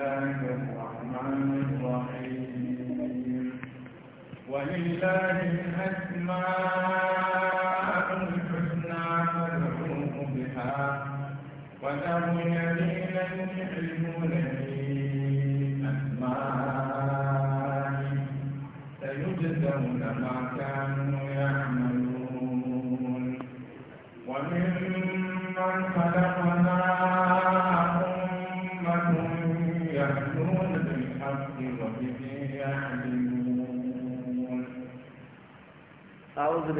الله الرحمن الرحيم ولله الحسنى فادعوه بها وذروا الذين يشركون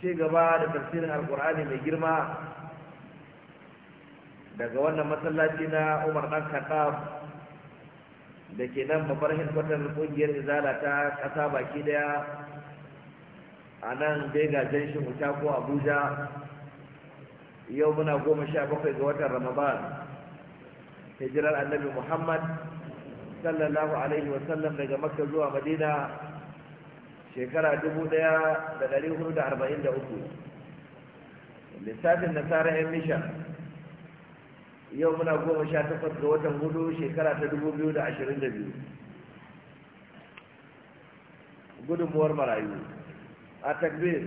ce gaba da tafsirin alkur'ani mai girma daga wannan masallaci na umar dan khattab da ke nan mafarhin kwatar kungiyar izala ta ƙasa baki daya a nan bega janshin wuta ko abuja yau muna goma sha bakwai ga watan ramadan hijirar annabi muhammad sallallahu alaihi wasallam daga makka zuwa madina shekara dubu ɗaya da dari hudu da arba'in da uku lissafin nasara yan mishan yau muna goma sha takwas ga watan hudu shekara ta dubu biyu da ashirin da biyu gudunmuwar marayu a takbir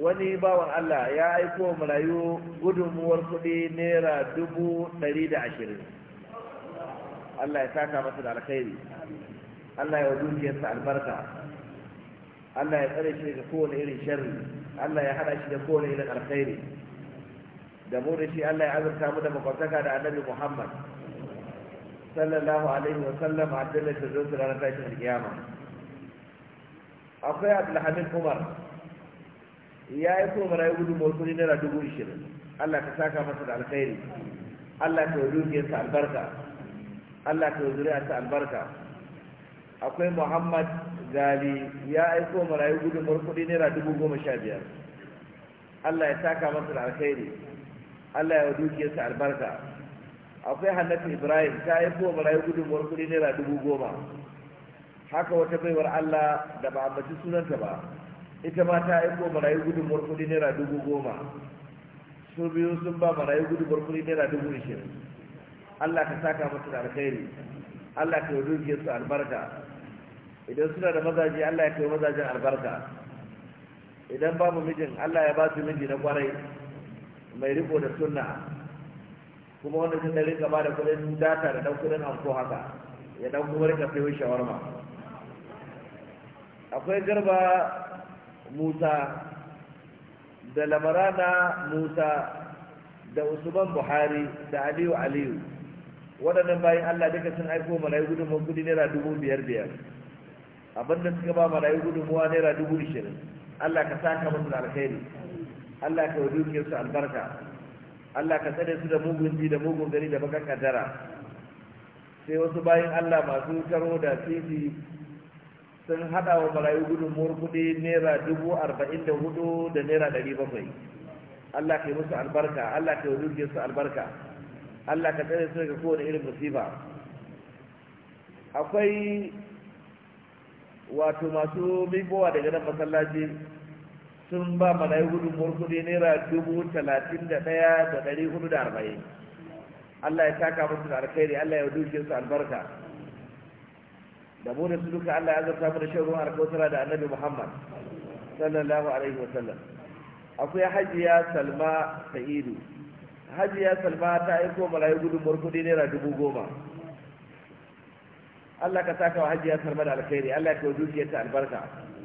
wani bawan Allah ya aiko marayu gudunmuwar kuɗi naira dubu dari da ashirin Allah ya saka masa da alkhairi Allah ya dukiyarsa albarka Allah ya tsare shi daga kowane irin sharri Allah ya hada shi da kowane irin alkhairi da mu da shi Allah ya azurta mu da makwabtaka da annabi Muhammad sallallahu alaihi wa sallam a dalilin shirzusu ranar tashin alkiyama akwai abdulhamid umar ya yi kuma marayu gudu motsi naira dubu ishirin Allah ka saka masa da alkhairi Allah ka yi dukiyarsa albarka Allah ta zuri ta albarka akwai Muhammad Gali ya aiko marayu gudun kuɗi naira dubu goma sha biyar Allah ya taka masa da alkhairi Allah ya dukiyarsa albarka akwai Hannatu Ibrahim ta aiko marayu gudun kuɗi naira dubu goma haka wata baiwar Allah da ba ambaci sunanta ba ita ma ta aiko marayu gudun kuɗi naira dubu goma su biyu sun ba marayu gudun kuɗi naira dubu ishirin Allah ka saka musu da alkhairi Allah ka yi su albarka idan suna da mazaje Allah ya kai mazajen albarka idan babu mijin Allah ya ba su miji na kwarai mai riko da sunna kuma wanda sun da rika ba da kudin data da dan kudin ko haka ya dan kuma rika fiye shawarma akwai garba musa da lamarana musa da usman buhari da aliyu aliyu waɗannan bayan Allah duka sun aiko malayu gudunmuwa kudi naira dubu biyar biyar abinda suka ba malayu gudunmuwa naira dubu ishirin Allah ka saka musu da alkhairi Allah ka ke su albarka Allah ka tsare su da mugun ji da mugun gari da baka kaddara sai wasu bayan Allah masu karo da titi sun haɗa wa malayu gudunmuwar kudi naira dubu arba'in da hudu da naira ɗari bakwai Allah ka yi musu albarka Allah ka yi wadukiyar su albarka Allah ka tsare su daga kowane irin musiba akwai wato masu bibowa daga nan masallaci sun ba malayi gudunmuwar murkudi naira dubu talatin da ɗaya da ɗari hudu da arba'in Allah ya taka musu da alkhairi Allah ya duke su albarka da mu da su duka Allah ya zarta mu da shan ruwan alkawtara da annabi Muhammad sallallahu alaihi wa sallam akwai hajiya Salma Sa'idu hajiya salma ta aiko marayu gudunmuwar kudi naira dubu goma Allah ka saka wa hajiya salma da alkhairi Allah ka dukiyar ta albarka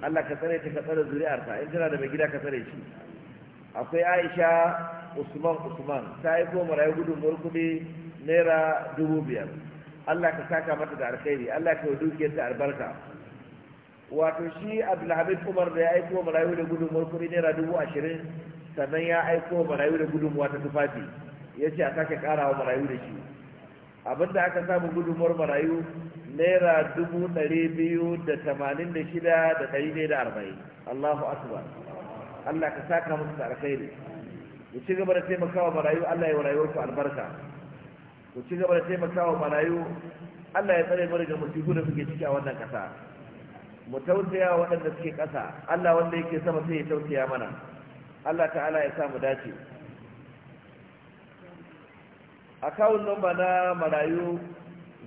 Allah ka tsare ta ka tsare zuri'arta in tana da mai gida ka tsare shi akwai Aisha Usman Usman ta aiko marayu gudunmuwar kudi naira dubu biyar Allah ka saka mata da alkhairi Allah ka dukiyar ta albarka wato shi Abdulhamid Umar da ya aiko marayu da gudunmuwar kudi naira dubu ashirin sannan ya aiko marayu da gudunmuwa ta tufafi ya ce a sake karawa marayu da shi abinda aka samu gudunmuwar marayu naira dubu ɗari biyu da tamanin da shida da ɗari ne da arba'in allahu akbar allah ka saka musu da alkhairi ku ci gaba da taimakawa marayu allah ya rayuwar ku albarka ku ci gaba da taimakawa marayu allah ya tsare mu daga musibu da suke ciki a wannan ƙasa mu tausaya waɗanda suke ƙasa allah wanda yake sama sai ya tausaya mana Allah ta'ala ya samu dace akawun nomba na marayu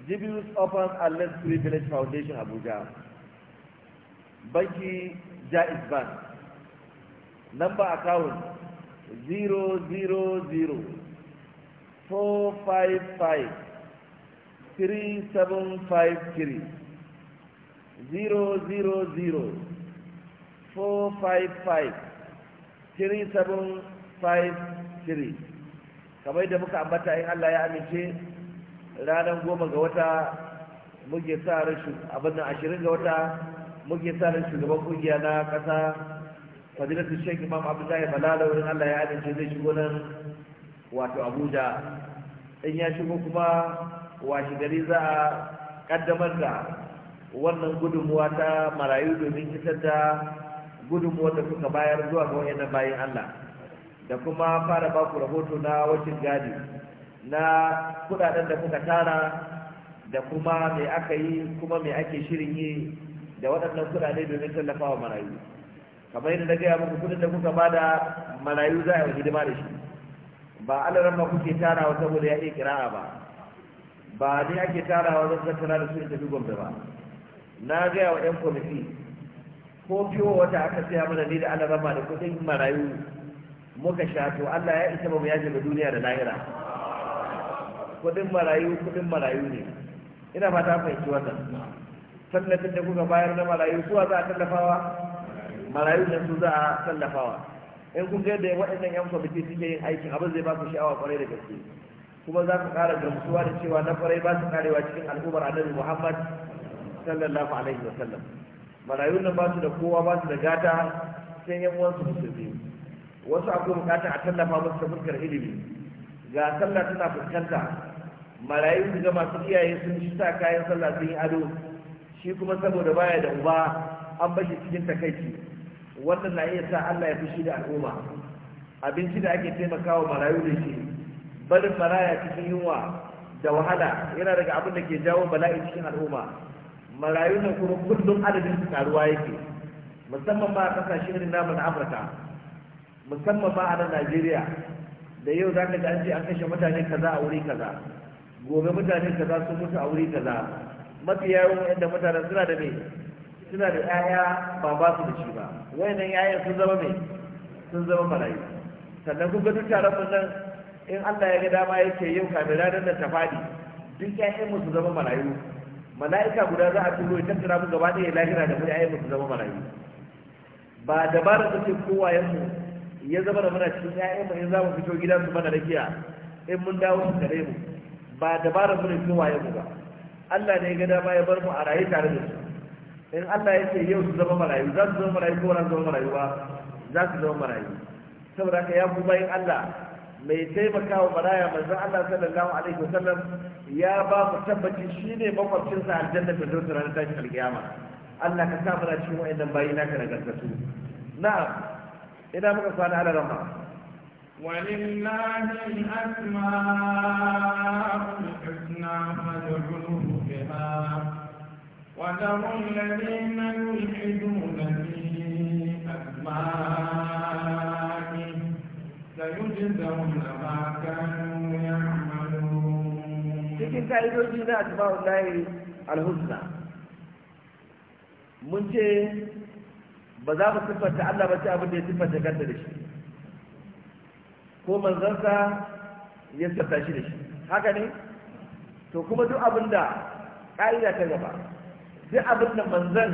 jibius open and less free village foundation abuja banki jaiz bank namba akawun 000 455 3753 000 455 3753 kamar da muka ambata in Allah ya amince ranar goma ga wata muke sa rashin abin ashirin ga wata muke sa rashin shugaban kungiya na kasa fadilatu shek imam abdullahi balala wurin Allah ya amince zai shigo nan wato abuja in ya shigo kuma washe gari za a kaddamar da wannan gudunmuwa ta marayu domin isar da gudunmuwar da suka bayar zuwa ga wayannan bayan Allah da kuma fara baku rahoto na wacin gadi na kudaden da kuka tara da kuma me aka yi kuma me ake shirin yi da waɗannan kudade domin tallafawa marayu kamar yadda na gaya muku kudin da kuka bada marayu za a yi hidima da shi ba alaran ma kuke tarawa saboda ya iya kira'a ba ba ne ake tarawa zan tattara da su in tafi gombe ba na gaya wa 'yan kwamiti ko fiyo wata aka siya mana ni da ana rama da kudin marayu muka sha to Allah ya isa ba mu yaje ga duniya da lahira kudin marayu kudin marayu ne ina fata fahimci wannan tallafin da kuka bayar na marayu suwa za a tallafawa marayu ne su za a tallafawa in kun ga yadda waɗannan yan kwamiti suke yin aikin abin zai ba ku sha'awa kwarai da gaske kuma za ku ƙara gamsuwa da cewa na kwarai ba su karewa cikin al'ummar annabi muhammad sallallahu alaihi wa sallam marayun nan ba su da kowa ba su da gata sai yan uwansu musulmi wasu akwai bukata a tallafa musu ta fuskar ilimi ga sallah tana fuskanta marayu ga masu iyaye sun shi sa kayan sallah sun yi ado shi kuma saboda baya da uba an bashi cikin takaici wannan na iya sa Allah ya fi shi da al'umma abinci da ake taimakawa marayu da shi barin maraya cikin yunwa da wahala yana daga abin da ke jawo bala'i cikin al'umma marayu na kuma kullum adadin su karuwa yake musamman ba a kasashen irin namu na afirka musamman ba a nan najeriya da yau za ka ji an an kashe mutane kaza a wuri kaza gobe mutane kaza sun mutu a wuri kaza mafi yawon yadda mutane suna da mai suna da 'ya'ya ba ba su da shi ba wayannan yaya sun zama mai sun zama marayu sannan kun ga duk taron mun nan in Allah ya ga dama yake yau kamar ranar da ta fadi duk 'ya'yan mu su zama marayu mala'ika guda za a turo ya tattara mun gaba ɗaya lahira da mai ayyukan su zama marayu ba dabara ta ce kowa ya zama da muna cikin ƴaƴanmu in za mu fito gidan su mana rakiya in mun dawo su kare mu ba dabara mu ne kowayenmu ba Allah ne ya ga dama ya bar mu a raye tare da su in Allah ya ce yau su zama marayu za su zama marayu ko za su zama marayu ba za su zama marayu saboda ka ya ku yin Allah mai taimaka wa maraya manzo Allah sallallahu alaihi wasallam ya ba mu tabbaci shine mafarkin sa aljanna da dosa ranar tashin alkiyama Allah ka sa mana cikin wayannan bayi naka da nagartatu na'am ina muka kwana ala rama ولله الأسماء الحسنى فادعوه بها وذروا الذين يلحدون في أسمائه cikin ka'idoji na asma'ul lahi al-husna mun ce ba za mu siffanta Allah ba ce abin da ya siffanta ganta da shi ko manzansa ya siffanta shi da shi haka ne to kuma duk abin da ƙa'ida ta gaba duk abin da manzan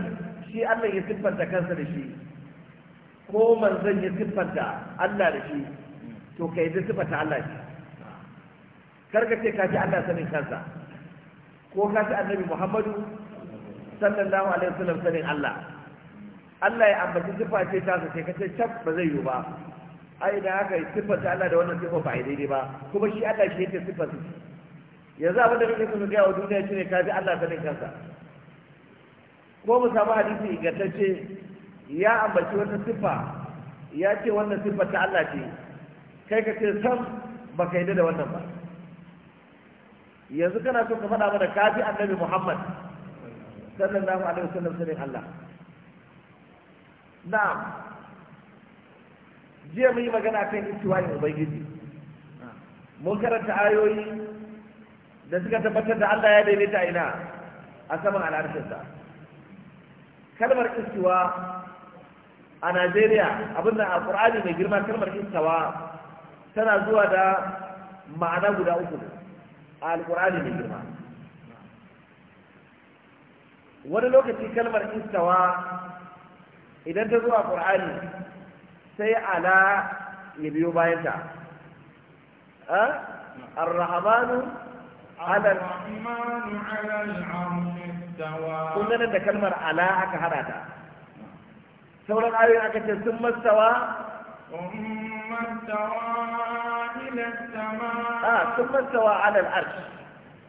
shi Allah ya siffanta kansa da shi ko manzan ya siffanta Allah da shi to kai da siffanta Allah shi karka ce kafi Allah sanin kansa ko kafi annabi Muhammadu sallallahu alaihi wasallam sanin Allah Allah ya ambaci sifa ce ta sai ka ce tab ba zai yi ba ai da haka sifa ta Allah da wannan sifa ba daidai ba kuma shi Allah shi yake sifa su yanzu abin da kake so ga wa duniya shine kafi Allah sanin kansa ko mu samu hadisi ingantacce ya ambaci wannan sifa ya ce wannan sifa ta Allah ce kai ka ce sam ka yi da wannan ba yanzu kana so ka faɗa mana kafi annabi muhammad sallallahu alaihi wasallam sanin allah na'am jiya mun yi magana kan istiwayin ubangiji mun karanta ayoyi da suka tabbatar da allah ya daidaita ina a saman al'arshinsa kalmar istiwa a najeriya abin da alkur'ani mai girma kalmar istawa tana zuwa da ma'ana guda uku alkur'ani mai girma wani lokaci kalmar istawa idan ta zuwa qur'ani sai ala ya biyo bayanta ar-rahmanu ala al kun da kalmar ala aka hada ta sauran ayoyin aka ce sun mastawa إلى السماء آه ثم استوى على العرش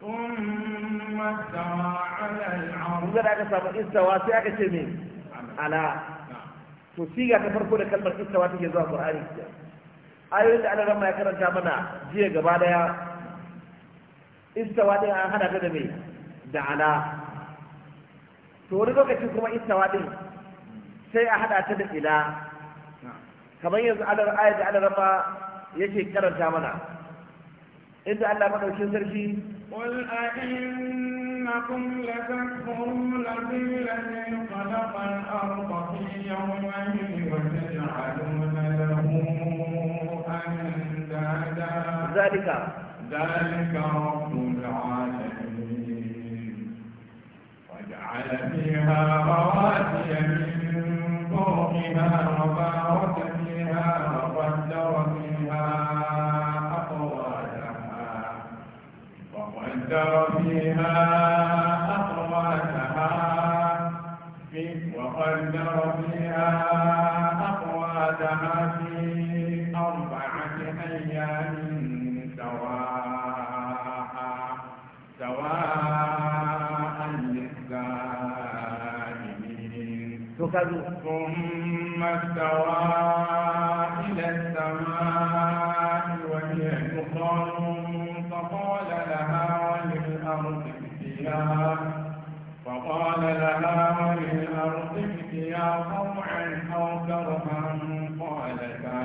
ثم استوى على العرش إذا أكا سامو استوى سيأكا تمين على تسيغا كفرقو لكلمة استوى تجي زوى قرآن ayoyin da ana ya karanta mana jiya gaba daya istawa din an hada ta da mai da ala to wani lokaci kuma istawa din sai a hada ta da ila kamar yanzu ayar da ana yake karanta mana inda Allah madauki sarki wal a'innakum latakhuruna billahi qadqal arda fi yawmin wa taj'aluna lahu andada zalika zalika rabbul alamin waj'al fiha rawasiya min fawqiha rabbana استوى إلى السماء وهي دخان فقال لها وللأرض ائتيا فقال لها وللأرض ائتيا طوعا أو كرها قالتا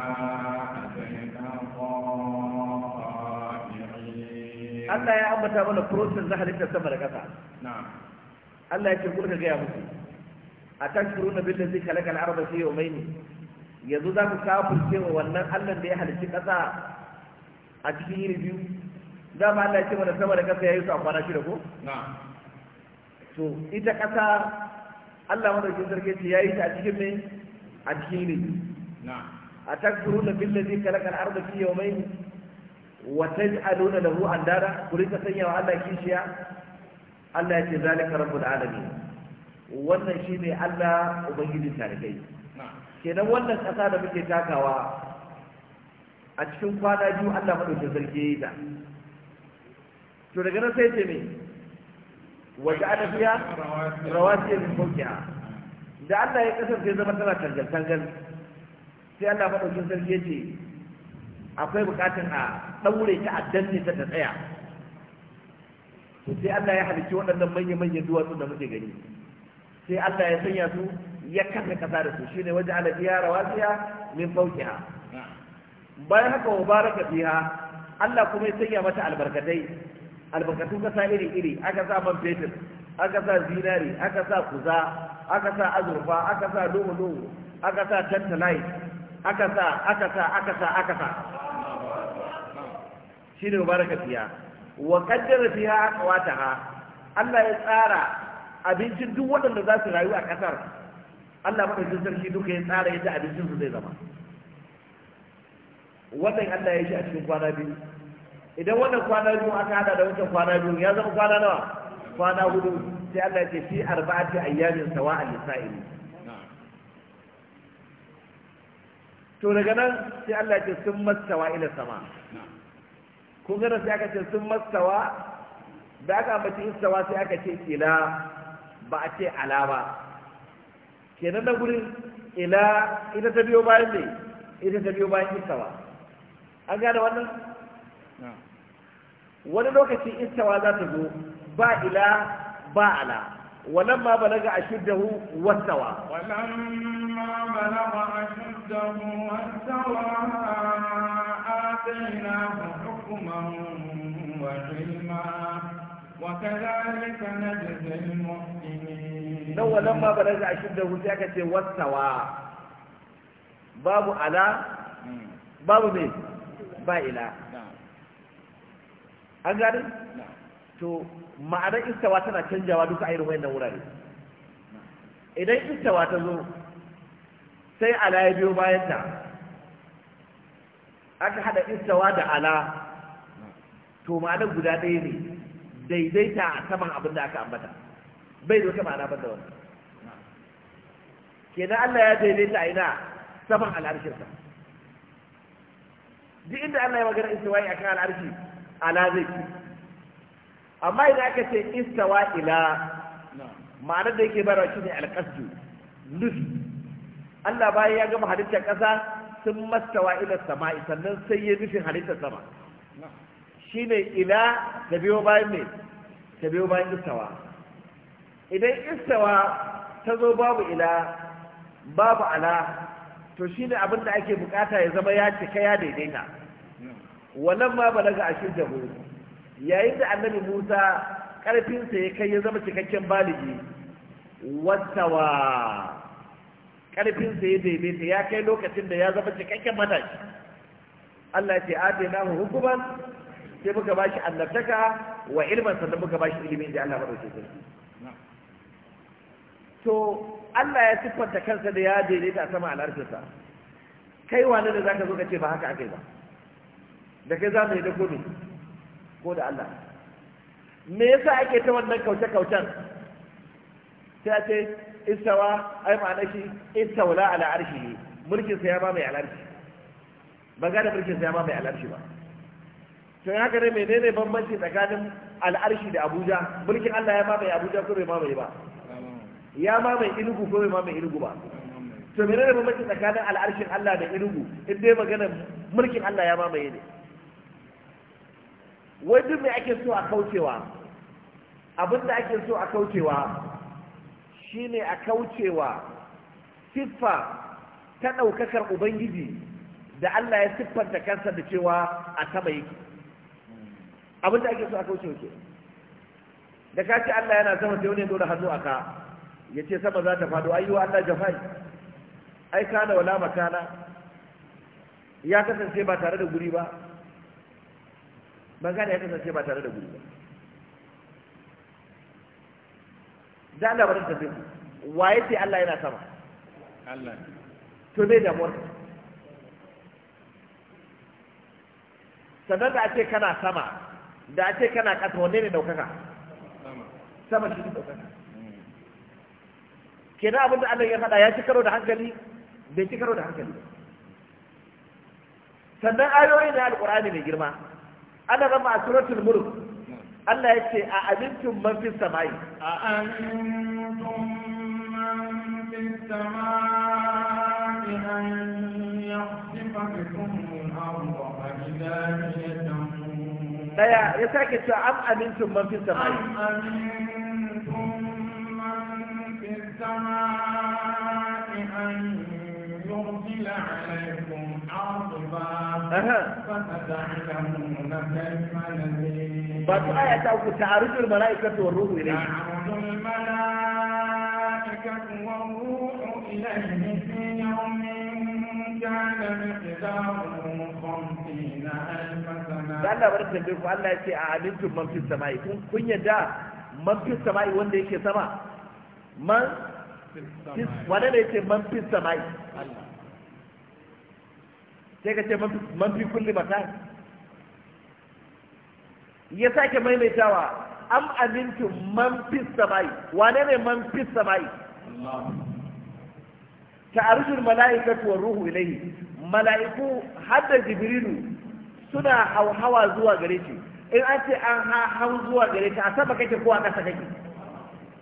أتينا طائعين. Allah ya ambata mana process na halittar sama da ƙasa. Allah ya ce atakfuruna zai khalaqa al-arda fi maini yanzu za ku kafin wa wannan Allah da ya halarci ƙasa a cikin yini biyu za mu Allah ce mana sama da ƙasa ya yi su a kwana shida ko to ita ƙasa Allah madaukakin sarki ce ya yi ta a cikin mai a cikin yini biyu a takfuruna billazi khalaqa al-arda fi yawmayn wa taj'aluna lahu dara ku rika sanya wa Allah kishiya Allah ya ce zalika rabbul alamin wannan shi ne Allah Ubangijin tarihi kenan wannan ƙasa da muke takawa a cikin kwana biyu Allah maɗaukin sarki ya yi ta to daga nan sai ce ne waje ana fiya rawasiyar min faukiya da Allah ya kasance sai zama tana tangal-tangal sai Allah maɗaukin sarki ya ce akwai bukatun a ɗaure ta a danne ta tsaya to sai Allah ya halicci waɗannan manya-manyan duwatsu da muke gani sai Allah ya sanya su ya kasa kasa da su shine waje ala biya rawasiya min fawqiha bayan haka wa baraka fiha Allah kuma ya sanya mata albarkatai albarkatu kasa iri iri aka sa man fetur aka sa zinari aka sa kuza aka sa azurfa aka sa dogo dogo aka sa tantalite aka sa aka sa aka sa aka sa shine baraka fiha wa qaddara fiha aqwataha Allah ya tsara abincin duk waɗanda za su rayu a ƙasar Allah madaukakin sarki duka ya tsara yadda abincin su zai zama wannan Allah ya shi a cikin kwana biyu idan wannan kwana biyu aka hada da wancan kwana biyu ya zama kwana nawa kwana hudu sai Allah ya ce fi arba'ati ayyamin sawa'a lisa'ili to daga nan sai Allah ya ce sun mastawa ila sama kun gana sai aka ce sun mastawa da aka ambaci istawa sai aka ce ila ba a ce ala ba kenan na gudun ila ita ta biyo bayan ne ita ta biyo bayan istawa an gane wannan wani lokaci istawa za ta zo ba ila ba ala ولما بلغ أشده واستوى ولما بلغ أشده واستوى آتيناه حكما وعلما وكذلك نجزي المحسنين لو لما بلغ أشده سيكة واستوى babu ala, babu من با ila. an gani to ma'anar istawa tana canjawa duka a yi rumai na wurare idan istawa ta zo sai ala ya biyo bayanta aka hada istawa da ala to ma'anar guda ɗaya ne daidaita a saman abin da aka ambata bai da wata ma'ana banda wani kenan Allah ya daidaita a ina saman al'arshinsa duk inda Allah ya magana a akan al'arshi ala zai ci amma idan aka ce istawa ila ma'anar da yake bayarwa ne alƙasju nufi Allah bayan ya gama halittar ƙasa sun mastawa ila sama'i sannan sai ya nufin halittar sama shine ila da biyo bayan mai ta biyo bayan istawa idan istawa ta zo babu ila babu ala to shi ne abin da ake bukata ya zama ya cika ya daidaita wannan ma balaga a shirya yayin da annabi musa ƙarfinsa ya kai ya zama cikakken baligi wattawa ƙarfinsa ya daidaita ya kai lokacin da ya zama cikakken mataki Allah ce ate na hukuman sai muka ba shi annabtaka wa ilman sannan muka bashi ilimin da Allah madauke sarki to Allah ya siffanta kansa da ya daidaita a sama al'arshinsa kai wane da zaka zo ka ce ba haka akai ba da kai za mu yi da ko ko da Allah me yasa ake ta wannan kauce-kaucen sai ce istawa ai ma'ana shi istawla ala arshi mulkin sa ya ba mai alarshi ba ga da mulkin sa ya ba mai alarshi ba tun haka ne menene bambanci tsakanin al'arshi da abuja mulkin allah ya mamaye abuja ko bai mamaye ba ya mamaye inugu ko bai mamaye inugu ba to menene bambanci tsakanin al'arshin allah da inugu in dai magana mulkin allah ya mamaye ne wai duk me ake so a kaucewa abin da ake so a kaucewa shine a kaucewa siffa ta ɗaukakar ubangiji da allah ya siffanta kansa da cewa a sama yake abinda ake so a kauce wuce da ka ce Allah yana sama sai wani dole hannu a ka ya ce sama za ta faɗo wa Allah jafai ai kana wala makana ya kasance ba tare da guri ba ban gane ya kasance ba tare da guri ba da Allah ba ta tafi waye ce Allah yana sama Allah to me damuwar sanar da ake kana sama da a ce kana ƙasa wanne ne ɗaukaka sama shi ne ɗaukaka kenan abinda da Allah ya faɗa ya ci karo da hankali bai ci karo da hankali sannan ayoyi na alƙur'ani mai girma ana rama a suratul mulk Allah ya ce a amintum man fis samai a amintum man fis samai an yahsifa bikum al-ardha fa hiya يا يا ساكت ام am amintum man fis samai am amintum man fis samai يرسل عليكم حاصبا فستعلمون كيف نذير فالآية تعرج الملائكة والروح إليه تعرج الملائكة والروح إليه في يوم Allah bar tambayar ku Allah ya ce a amintun man fil samai kun kun yadda man fil samai wanda yake sama man wanda ne yake man fil samai sai ka ce man fil kulli mata ya sake tawa. am amintun man fil samai wanda ne man fil samai Allah ta'arujul mala'ikatu war ruhu ilayhi mala'iku hadda jibrilu suna hauhawa zuwa gare shi in an ce an hau zuwa gare shi a saba kake ko a ƙasa kake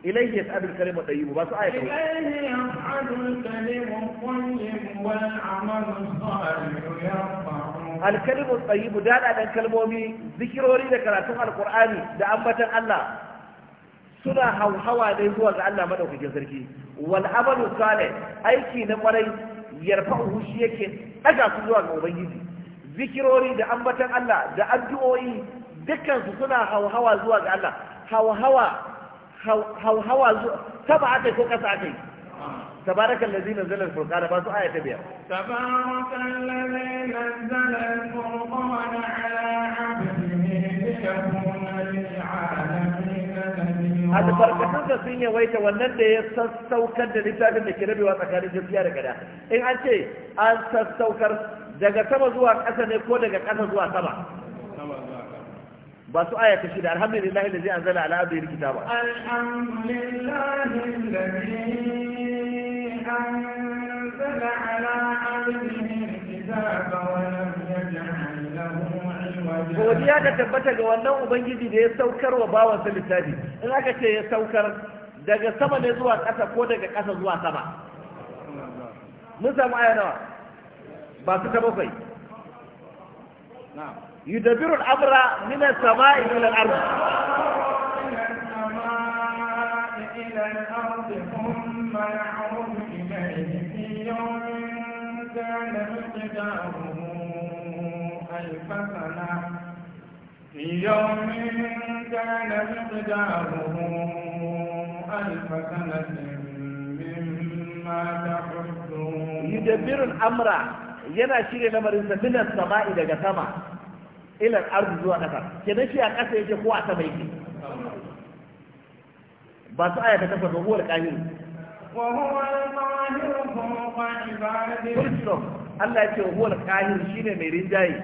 ilayhi yas'adu al-kalimu tayyib ba su aya ta ilayhi yas'adu al-kalimu tayyib wal amalu salihu yarfa'u al-kalimu tayyib da da kalmomi zikirori da karatun alqur'ani da ambatan Allah suna hauhawa ne zuwa ga Allah madaukakin sarki wal amalu salih aiki na kwarai yarfa'uhu shi yake daga su zuwa ga ubangiji zikirori da ambatan Allah da addu'o'i dukkan su suna hauhawa zuwa ga Allah hauhawa hauhawa zuwa saba akai ko kasa akai تبارك الذي نزل الفرقان بس آية بيا تبارك الذي نزل الفرقان على عبده ليكون للعالمين da sun yawaita wannan da ya sassaukar da littafin da ke rabewa tsakanin gaskiya da gada in an ce an sassaukar daga sama zuwa ƙasa ne ko daga ƙasa zuwa sama ba su aya ta shida alhamdulillah da zai an ala al'adun rikita ba alhamdulillah alladhi anzala an abdihi alkitaba wa ba wani godiya da tabbata ga wannan ubangiji da ya saukar wa bawansa littafi in aka ce ya saukar daga sama ne zuwa ƙasa ko daga ƙasa zuwa sama mun samu aya nawa ba su ta bakwai yudabiru al'amura min as-sama'i ila al-ardi ثم يعود إليه في الحسنة في يوم كان مقداره ألف سنة مما يدبر الأمر yana shirya lamarinsa minan sama'i daga sama ilan arzu zuwa ƙasa kenan shi a ƙasa yake ko a sama yake ba su aya ta tafa ga huwar ƙahir Allah ya ce huwar shine mai rinjaye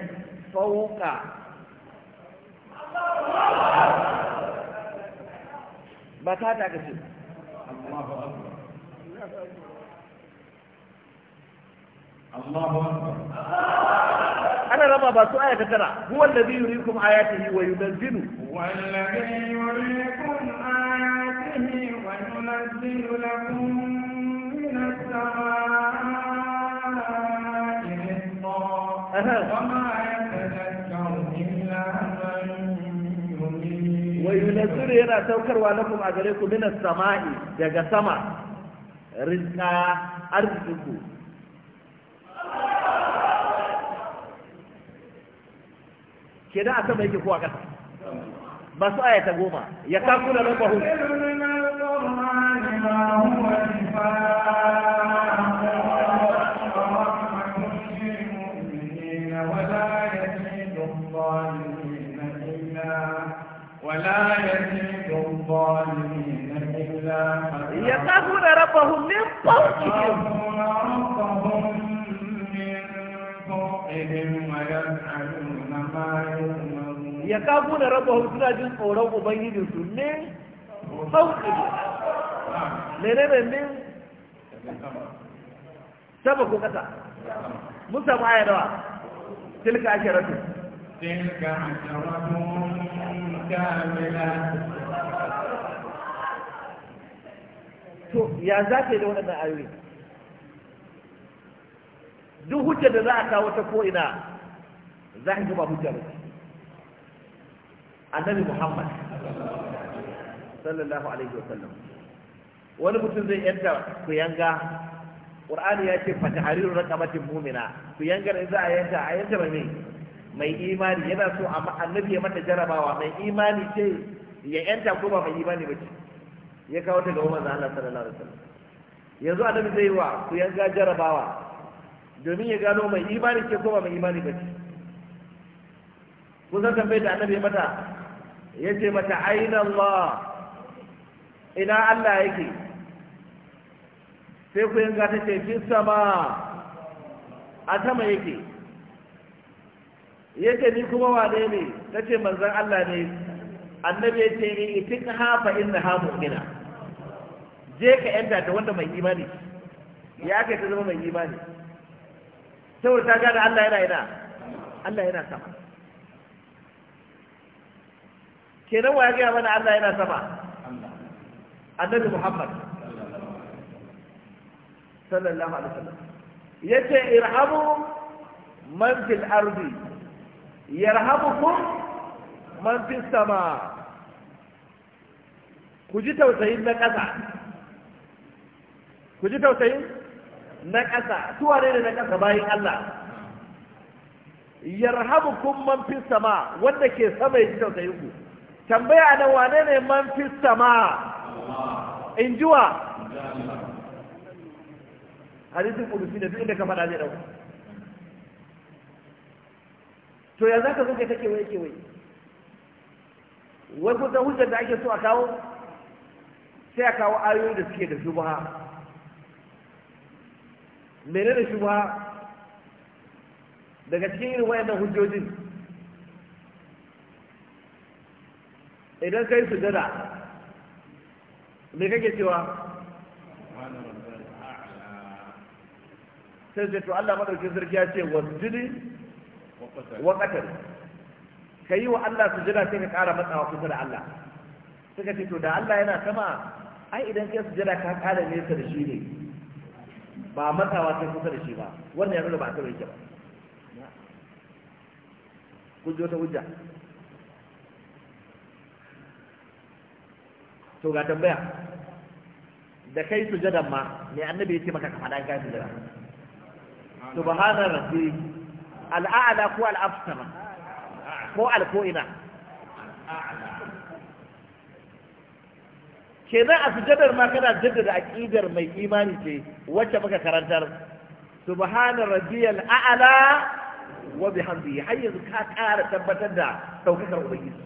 fauka ba ta ta kace ana raba ba su ayata tara huwa allazi yuriikum ayatihi wa a wallazi yuriikum ayatihi wa yunazzilu lakum yanzu yana saukarwa kuma a gare ku nuna sama'i daga sama rinka arziku ke a sama yake kuwa a ƙasa masu ayata goma ya kakuna lakum ya kafu na rabahun suna jin tsoron ubangijinsu ne sauƙi ne ne ne ne sama ko kasa musa ma ya dawa tilka ake rasu tilka ake rasu to ya za ka yi da waɗannan ayoyi duk hujjar da za a kawo ta ko'ina za a ba hujjar ba annabi muhammad sallallahu alaihi wasallam wani mutum zai yanta yanga qur'ani ya ce fatahariru raqabatin mu'mina yanga in za a yanta a yanta mai mai imani yana so amma annabi ya mata jarabawa mai imani ce ya yanta ko ba mai imani ba ce ya kawo ta ga umar da Allah sallallahu alaihi wasallam yanzu annabi zai wa yanga jarabawa domin ya gano mai imani ce ko ba mai imani ba ce kun san tambayar da annabi mata ya ce mata aina Allah ina Allah yake sai ku yanga ta ce fi sama a sama yake ya ce ni kuma wane ne ta ce manzan Allah ne annabi ya ce ni itin hafa inna ha mu'mina je ka yanta ta wanda mai imani ya kai ta zama mai imani saboda ta gane Allah yana ina Allah yana sama kenan wa ya gaya mana Allah yana sama annabi Muhammad sallallahu alaihi wasallam yace irhamu man fil ardi yarhamukum man fis sama ku ji tausayin na ƙasa ku ji tausayin na ƙasa tuwa ne na ƙasa bayin Allah yarhamukum man fis sama wanda ke sama ya ji tausayin ku tambaya nan wane ne man fi sama in jiwa hadisin kudusi da duk inda ka faɗa zai ɗauka to yanzu ka zuke kai ta kewaye kewaye wai kusa hujjar da ake so a kawo sai a kawo ayoyi da suke da shubha menene shubha daga cikin irin wayannan hujjojin idan kai sujada me kake cewa sai ce to Allah madaukin sarki ya ce wasjudi wa Ka yi wa Allah sujada sai ka ƙara matsawa kusa da Allah suka ce to da Allah yana sama ai idan kai sujada ka ƙara nesa da shi ne ba matsawa sai kusa da shi ba wannan ya nuna ba a taɓa yake ba kun ji wata hujja to ga tambaya da kai sujadan ma me annabi ya ce maka ka faɗa kai sujada subhana rabbi al'a'la ko al'afsama ko alko'ina kenan a sujadar ma kana jaddada aqidar mai imani ce wacce muka karantar subhana rabbiyal a'la wa bihamdihi har yanzu ka ƙara tabbatar da saukakar ubangiji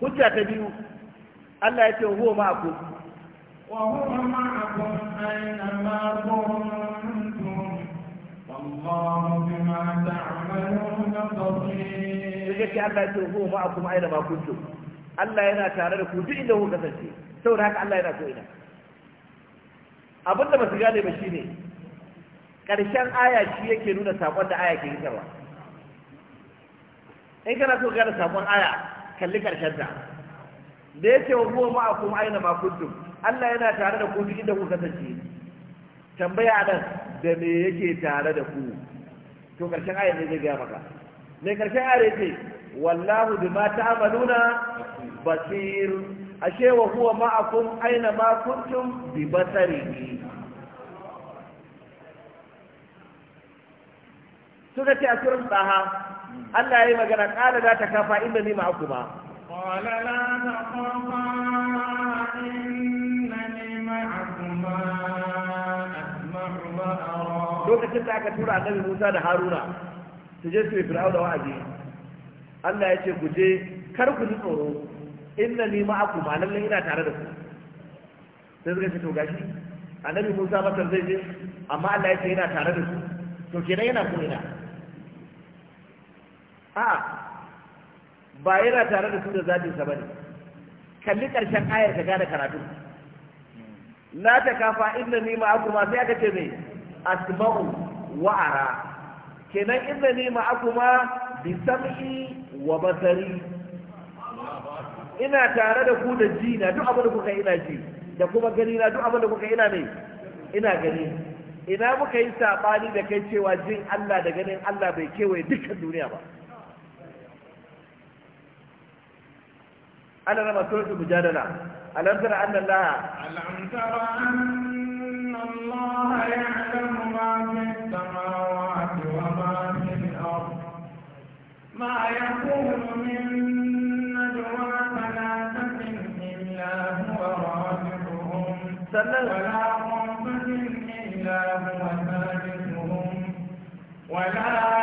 hujja ta biyu Allah ya ce huwa ma'akum wa huwa ma'akum aina ma kuntum wallahu bima ta'maluna basir ce Allah ya ce huwa ma'akum aina ma kuntum Allah yana tare da ku duk inda kuka kasance saboda haka Allah yana so ina abinda ba su gane ba shine Karshen aya shi yake nuna sakon da aya ke yi ba in kana so gane sakon aya kalli karshenta da ya ce wa a kuma aina ma kuntum Allah yana tare da ku duk inda ku kasance tambaya nan da me yake tare da ku to karshen ayar ne zai ga maka me karshen ayar yake wallahu bima ta'maluna basir ashe wa huwa ma'akum aina ma kuntum bi basarihi suka ce a surin tsaha Allah ya yi magana ƙala za ta kafa inda ni ma'akuma. Ƙala la ta kafa inna ni ma'akuma asma'u wa Lokacin da aka tura annabi Musa da Haruna su je su yi fir'au da wa'azi. Allah ya ce ku je kar ku ji tsoro inna ni ba, lallai ina tare da ku. Sai suka ce to gashi annabi Musa masar zai je amma Allah ya ce yana tare da su to kenan yana ko ina. a ba yana tare da su da zaɓinsa ba ne kalli ƙarshen ayar ka gane karatu Na ta kafa inna ni ma'akum sai aka ce mai asma'u wa'ara. ara kenan inna ni ma'akum bi sam'i wa basari ina tare da ku da ji na duk abin da kuka ina ji da kuma gani na duk abin da kuka ina ne ina gani ina muka yi sabani da kai cewa jin Allah da ganin Allah bai kewaye dukkan duniya ba أنا لما سورة المجادلة ألم ترى أن الله ألم ترى أن الله يعلم ما في السماوات وما في الأرض ما يكون من نجوى ثلاثة إلا هو رابعهم ولا خمسة إلا هو ثالثهم ولا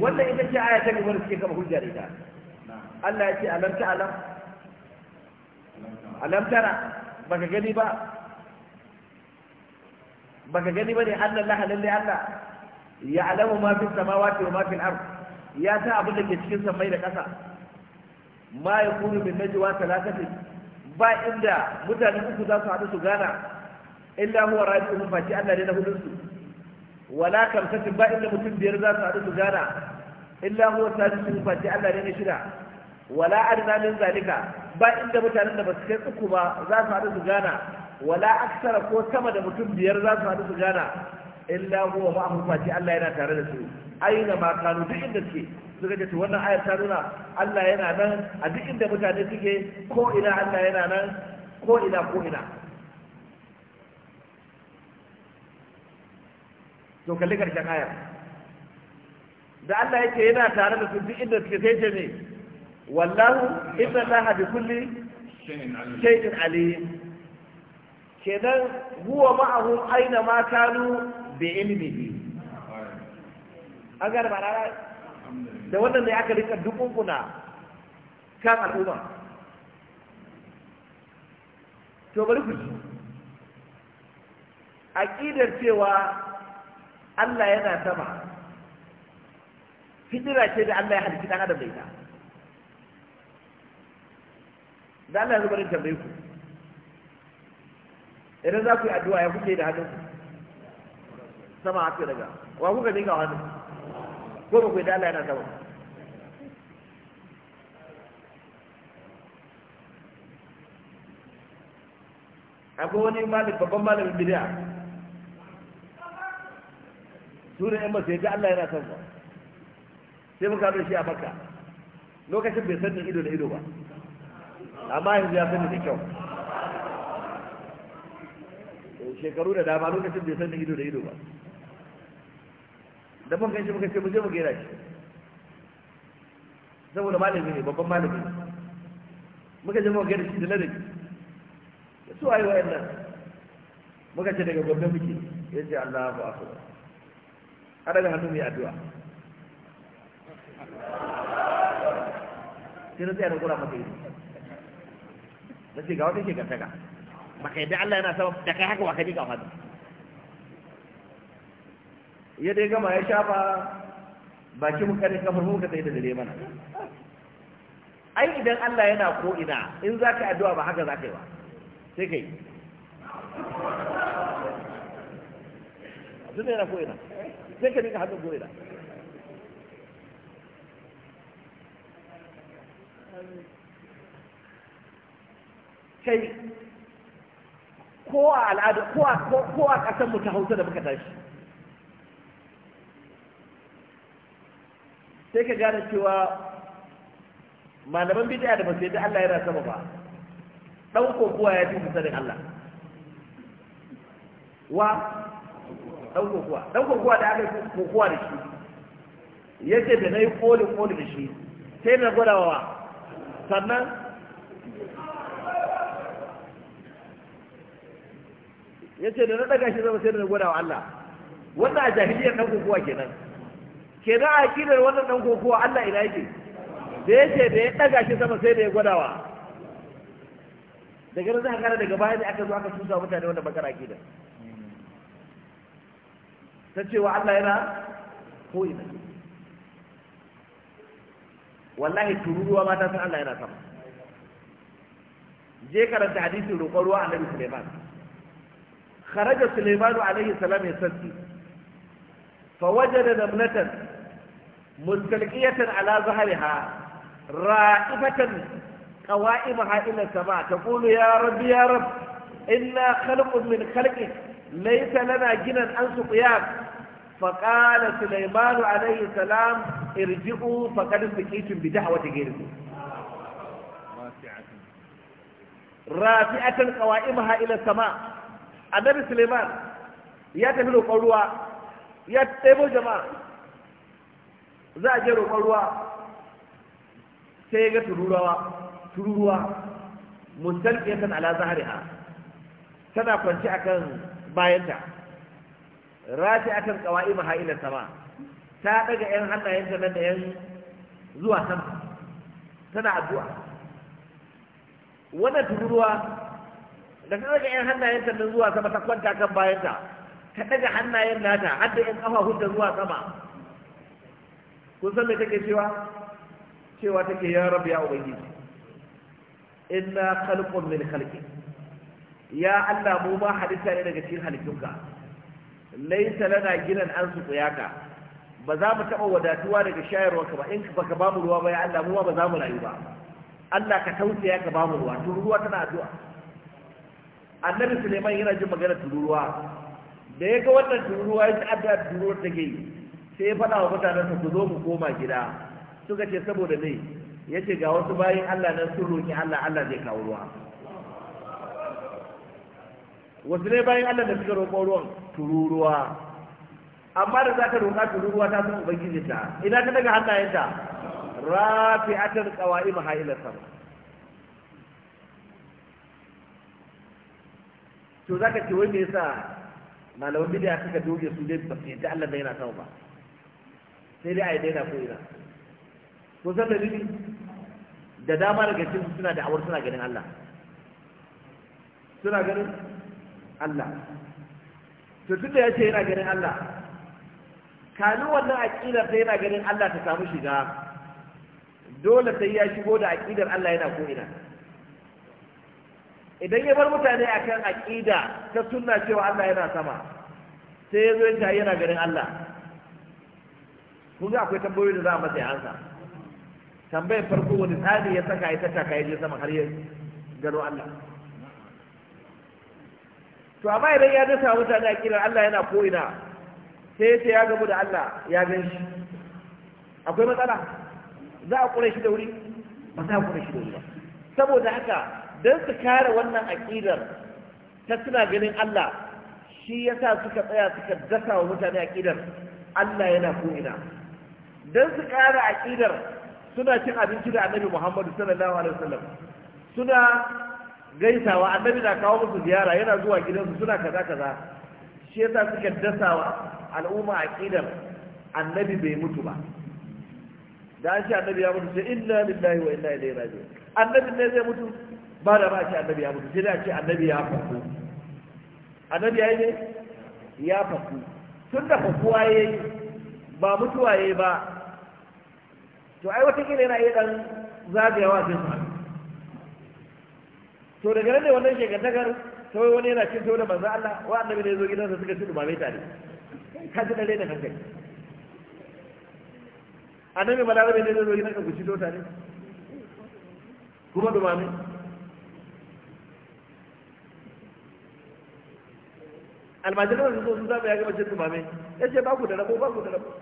wannan ita ce aya ta gaba da suke kama hujja da ita Allah ya ce alam ta alam alam tara baka gani ba baka gani ba ne Allah la halalle Allah ya alamu ma fi samawati wa ma fi al-ard ya ta abin da ke cikin samai da ƙasa ma yakunu min najwa thalathatin ba inda mutane uku za su haɗu su gana illa huwa rafi'un fa ci Allah ne na hudun su wala kam tatin ba inda mutum biyar za su haɗu su gana illa huwa sadisun fa ci ne shida wala adna min zalika ba inda mutanen da ba su kai uku ba za su haɗu su gana wala aksara ko sama da mutum biyar za su haɗu su gana illa huwa ma'ahu fa ci Allah yana tare da su aina ma kanu duk inda suke suka ce wannan ayar ta nuna Allah yana nan a duk inda mutane suke ko ina Allah yana nan ko ina ko ina to kalli karshen aya da Allah yake yana tare da su duk inda suke sai ce ne wallahu inna Allah bi kulli shay'in alim kenan huwa ma'ahu aina ma kanu bi ilmihi an gane da wannan ne aka rika kuna kan al'umma to bari ku ji aqidar cewa Allah yana sama fitira ce da Allah ya halitta ɗan adam da ita da Allah ya zubar da tambaye ku idan za ku yi addu'a ya kuke da ku sama aka daga wa kuka dinga wani ko ba ku yi da Allah yana sama akwai wani malin babban malamin bid'a su ne yan masu yadda Allah yana son ba sai muka zo shi a makka lokacin bai san ido da ido ba amma yanzu ya san da kyau shekaru da dama lokacin bai san ido da ido ba da mun ganshi muka ce mu je mu gera shi saboda malami ne babban malami ne muka je mu gera shi da ladabi da su ayi wa'annan muka ce daga gwamnati muke yace Allahu akbar a daga hannu mai addu'a sai na tsaya da kura maka yi na ce ga wata ke gantaka maka yadda Allah yana sama da kai haka wa kaji kama ya dai gama ya shafa baki mu kare kafar mu ka tsaye da dare mana ai idan Allah yana ko ina in za ka addu'a ba haka za ka yi ba sai ka yi tunda yana ko ina sai ka nika hannun goyi kai ko a al'ada ko a mu ta hausa da muka tashi sai ka gane cewa malaman bid'a da masu yadda Allah ya rasa ba ɗan kokowa ya fi sanin Allah wa dan kokowa dan kokowa da aka yi kokowa da shi yace da nayi koli koli da shi sai na gwada wa sannan yace da na ɗaga shi zama sai na gwada wa Allah wannan a jahiliyar dan kokowa kenan kenan a kidar wannan dan kokowa Allah ina yake da yace da ya ɗaga shi sama sai da ya gwada wa daga nan za ka kara daga baya ne aka zo aka tusa mutane wanda bakar akidar ta cewa Allah yana ko'ina wallahi tururuwa mata sun Allah yana sama je karanta hadisin roƙon ruwa annabi Suleiman kharaja suleiman alaihi salam ya sassi fa wajada namlatan mustalqiyatan ala zahriha ra'ifatan qawa'imaha ila sama taqulu ya rabbi ya rabbi inna khalqun min khalqik laysa lana ginan an suqiyat فقال سليمان عليه السلام ارجعوا فقد سكيتم بدعوة غيركم رافعة قوائمها إلى السماء النبي سليمان يا تفي ya taimo jama'a za a je roƙon sai ga tururuwa tururuwa mustalqiyatan ala zahriha tana kwance akan bayanta rafi akan kawai mahailar sama ta daga yan hannayenta nan da yan zuwa sama tana addu'a wannan tururuwa da ta daga yan hannayenta nan zuwa sama ta kwanta kan bayanta ta daga hannayen nata har da yan kafafun da zuwa sama kun san me take cewa cewa take ya rabu ya ubangiji inna khalqun min khalqi ya Allah mu ma halitta ne daga cikin halittunka laisa lana ginan an su tsayaka ba za mu taɓa wadatuwa daga shayarwarka ba in baka ba mu ruwa ba ya Allah mu ba za mu rayu ba Allah ka tausaya ka ba mu ruwa tururuwa tana addu'a annabi Suleiman yana jin magana tururuwa da ya ga wannan tururuwa ya ci addu'a tururuwa take yi sai ya faɗa wa sa ku zo mu koma gida suka ce saboda ne ya ce ga wasu bayan Allah nan sun roki Allah Allah zai kawo ruwa wasu ne bayan Allah da suka roƙo ruwan tururuwa amma da za ka roƙa tururuwa ta san ubangiji ta ina ka daga hannayenta rafi'atul qawa'im ha'ila sama to zaka ce wai me yasa malaman bid'a suka doge su dai ba su yadda Allah da yana sama ba sai dai a yi daina ko ina ko san dalili da dama daga cikin suna da awar suna ganin Allah suna ganin Allah to duk da yace yana ganin Allah kanu wannan aqidar ta yana ganin Allah ta samu shiga dole sai ya shigo da aqidar Allah yana ko ina idan ya bar mutane akan aqida ta sunna cewa Allah yana sama sai ya zo yana ganin Allah kun akwai tambayoyi da za a matsayi ya tambayar farko wani tsari ya saka ya tattaka ya je sama har ya gano Allah to amma idan ya dasa mutane a kiran Allah yana ko'ina sai sai ya gamu da Allah ya gan shi akwai matsala za a kure shi da wuri ba za a kure shi da wuri ba saboda haka don su kare wannan aƙidar ta suna ganin Allah shi ya sa suka tsaya suka dasa wa mutane aƙidar Allah yana ko'ina don su kare aƙidar suna cin abinci da annabi Muhammadu sallallahu alaihi wasallam suna gaisawa annabi na kawo musu ziyara yana zuwa gidansu suna kaza kaza shi yasa suka dasawa al'umma aqidar annabi bai mutu ba da an ce annabi ya mutu sai inna lillahi wa inna ilaihi raji'un annabi ne zai mutu ba da ba ce annabi ya mutu sai da ce annabi ya faku annabi yayi ne ya faku tun da fakuwa yayi ba mutuwa yayi ba to ai wata kila yana iya dan zagayawa zai to daga nan ne wannan ta wai wani yana cin da manzo Allah wa annabi ne zo gidansa suka ci dumame tare ka ji dare da hankali annabi balarabe ne zo gidanka ku ci dota ne, kuma dumame almajiran su zo sun zama ya gaba cin dumame ya ce ba ku da rabo ba ku da rabo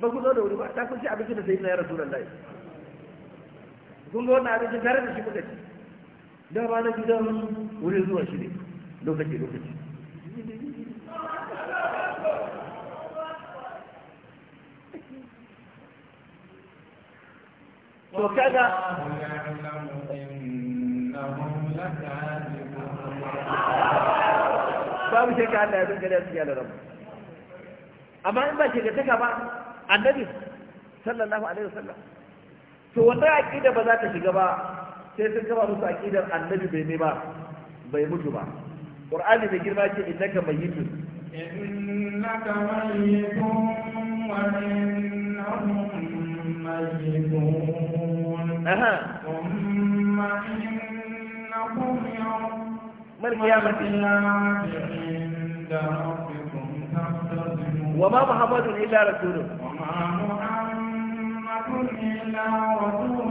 ba ku zo da wuri ba ta kun ci abinci da sayi na ya rasu lallai kun ga wannan abincin tare da shi kuka ci ba na gidan wuri zuwa shi ne lokaci lokaci to kaga babu shakka Allah ya da su ya rabu amma in ba taka ba annabi sallallahu alaihi wasallam to wata aqida ba za ta shiga ba sai sun kafa musu aqidar annabi bai ne ba bai mutu ba qur'ani mai girma ce innaka mayyitun innaka mayyitun wa innahum mayyitun aha thumma innakum yawm وما محمد إلا رسول وما محمد إلا رسول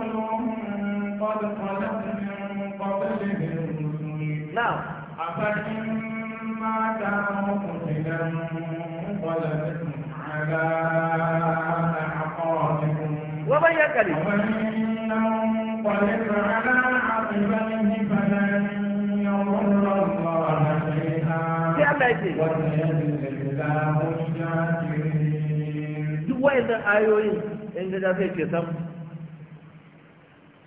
قد خلت من قبلهم الرسل نعم أفإن مات أو قتلا انقلبتم على أعقابكم ومن ينقلب ومن ينقلب على عقبيه فلن يضر الله شيئا وسيجزي الله الشاكرين. Duk wa'in ayoyin in ga zai ce sam